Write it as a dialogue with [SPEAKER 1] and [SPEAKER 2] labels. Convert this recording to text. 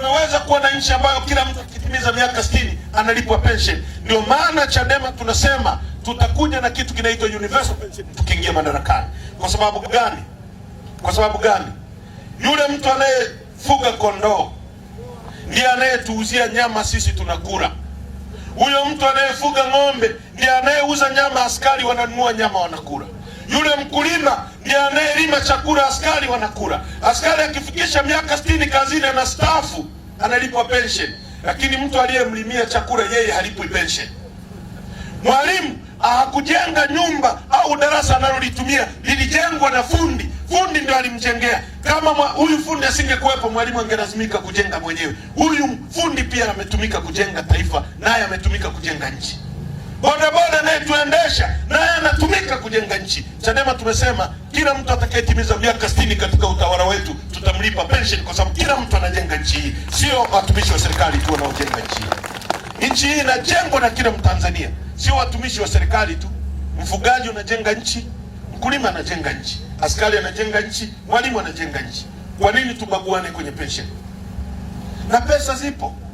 [SPEAKER 1] tunaweza kuwa na nchi ambayo kila mtu akitimiza miaka 60 analipwa pension. Ndio maana Chadema tunasema tutakuja na kitu kinaitwa universal pension tukiingia madarakani. Kwa sababu gani? Kwa sababu gani? Yule mtu anayefuga kondoo ndiye anayetuuzia nyama, sisi tunakula. Huyo mtu anayefuga ng'ombe ndiye anayeuza nyama, askari wananunua nyama, wanakula. Yule mkulima ya anayelima chakula, askari wanakula. Askari akifikisha miaka sitini kazini anastaafu, analipwa pensheni, lakini mtu aliyemlimia chakula yeye halipwi pensheni. Mwalimu hakujenga nyumba au darasa analolitumia, lilijengwa na fundi. Fundi ndo alimjengea. Kama huyu fundi asingekuwepo, mwalimu angelazimika kujenga mwenyewe. Huyu fundi pia ametumika kujenga taifa, naye ametumika kujenga nchi. bodaboda kujenga nchi. Chadema tumesema kila mtu atakayetimiza miaka 60 katika utawala wetu tutamlipa pension, kwa sababu kila mtu anajenga nchi hii, sio watumishi wa serikali tu wanaojenga nchi hii. Nchi hii inajengwa na kila Mtanzania, sio watumishi wa serikali tu. Mfugaji unajenga nchi, mkulima anajenga nchi, askari anajenga nchi, mwalimu anajenga nchi. Kwa nini tubaguane kwenye pension? Na pesa zipo.